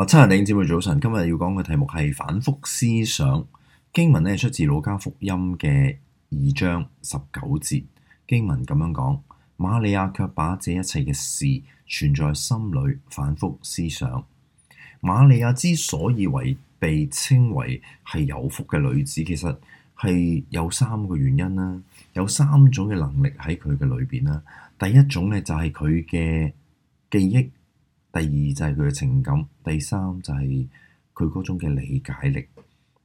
我親人弟兄姊妹早晨，今日要講嘅題目係反覆思想經文呢，出自《老家福音》嘅二章十九節，經文咁樣講。瑪利亞卻把這一切嘅事存在心裏，反覆思想。瑪利亞之所以為被稱為係有福嘅女子，其實係有三個原因啦，有三種嘅能力喺佢嘅裏邊啦。第一種呢，就係佢嘅記憶。第二就係佢嘅情感，第三就係佢嗰種嘅理解力。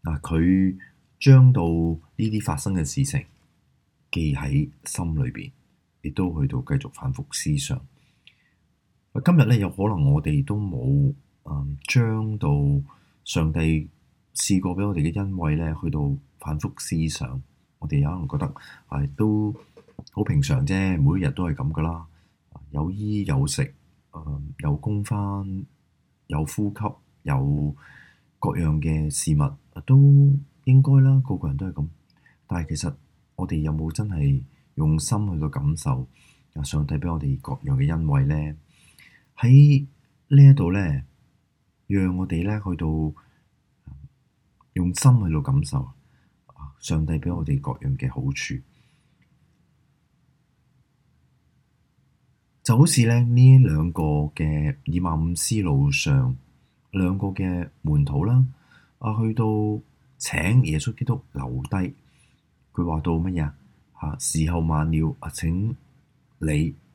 嗱、啊，佢將到呢啲發生嘅事情記喺心裏邊，亦都去到繼續反覆思想。啊、今日咧有可能我哋都冇誒、嗯、將到上帝試過畀我哋嘅恩惠咧，去到反覆思想。我哋有可能覺得啊，都好平常啫，每一日都係咁噶啦，有衣有食，有工返，有呼吸，有各樣嘅事物，都應該啦，個個人都係咁。但係其實我哋有冇真係用心去到感受啊，上帝畀我哋各樣嘅恩惠呢？喺呢一度呢，讓我哋呢去到用心去到感受上帝畀我哋各樣嘅好處。就好似咧，呢兩個嘅二萬五思路上兩個嘅門徒啦，啊去到請耶穌基督留低，佢話到乜嘢啊？啊時候晚了啊，請你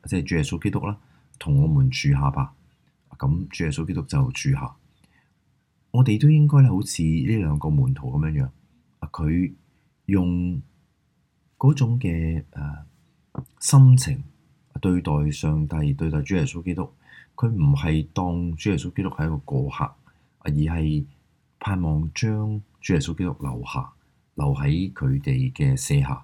即係主耶穌基督啦，同我們住下吧。咁、啊、主、嗯、耶穌基督就住下，我哋都應該咧好似呢兩個門徒咁樣樣。啊，佢用嗰種嘅誒、啊、心情，對待上帝，對待主耶穌基督，佢唔係當主耶穌基督係一個過客，而係盼望將主耶穌基督留下，留喺佢哋嘅舍下，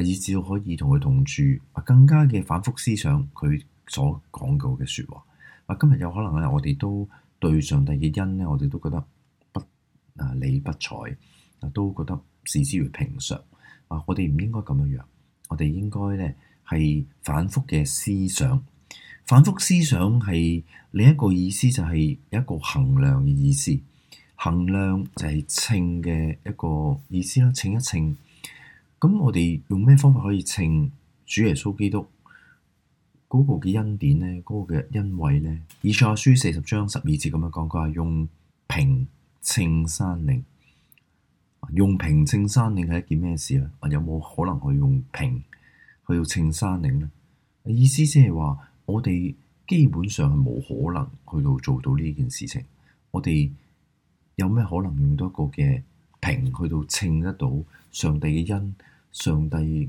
以至可以同佢同住，更加嘅反復思想佢所講到嘅說話。啊，今日有可能啊，我哋都對上帝嘅恩呢，我哋都覺得不理不睬，都覺得事之如平常。啊，我哋唔應該咁樣樣，我哋應該咧，係反復嘅思想，反復思想係另一個意思，就係、是、一個衡量嘅意思。衡量就係稱嘅一個意思啦，稱一稱。咁我哋用咩方法可以稱主耶穌基督嗰個嘅恩典呢，嗰、那個嘅恩惠呢？以賽亞書四十章十二節咁樣講，佢話用平稱山嶺，用平稱山嶺係一件咩事啊？有冇可能去用平？去到稱山嶺呢，意思即係話，我哋基本上係冇可能去到做到呢件事情。我哋有咩可能用到一個嘅秤去到稱得到上帝嘅恩、上帝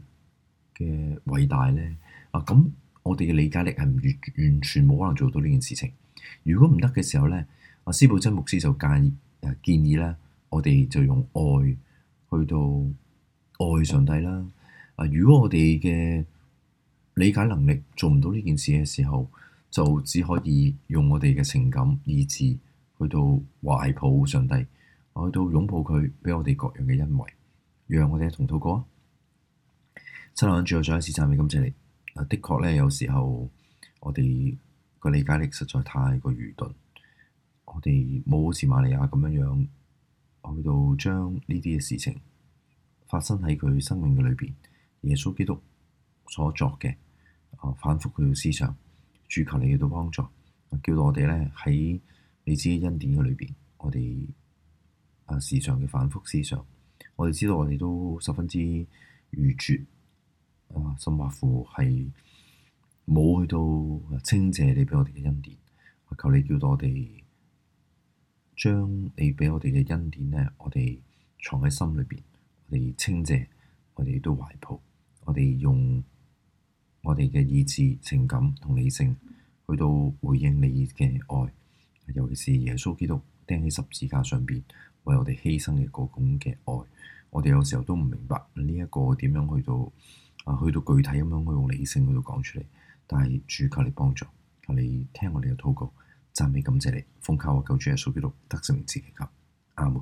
嘅偉大呢？啊，咁我哋嘅理解力係完完全冇可能做到呢件事情。如果唔得嘅時候呢，阿司布真牧師就建議誒建議啦，我哋就用愛去到愛上帝啦。啊！如果我哋嘅理解能力做唔到呢件事嘅時候，就只可以用我哋嘅情感意志去到懷抱上帝，去到擁抱佢，畀我哋各樣嘅恩惠，讓我哋一同度過。啊！親愛嘅主啊，再一次讚美感謝你。啊，的確咧，有時候我哋個理解力實在太過愚鈍，我哋冇好似馬利亞咁樣樣去到將呢啲嘅事情發生喺佢生命嘅裏邊。耶穌基督所作嘅啊，反覆佢嘅思想，主求你去到幫助，叫到我哋咧喺你自己恩典嘅裏邊，我哋啊時常嘅反覆思想，我哋知道我哋都十分之愚拙啊，甚或乎係冇去到清謝你畀我哋嘅恩典，求你叫到我哋將你畀我哋嘅恩典咧，我哋藏喺心裏邊，我哋清謝，我哋亦都懷抱。我哋用我哋嘅意志、情感同理性去到回應你嘅愛，尤其是耶穌基督釘喺十字架上邊為我哋犧牲嘅嗰咁嘅愛，我哋有時候都唔明白呢一個點樣去到啊去到具體咁樣去用理性去到講出嚟，但係主求你幫助，求你聽我哋嘅禱告，讚美感謝你，奉靠我救主耶穌基督得勝名字嘅恩，阿門。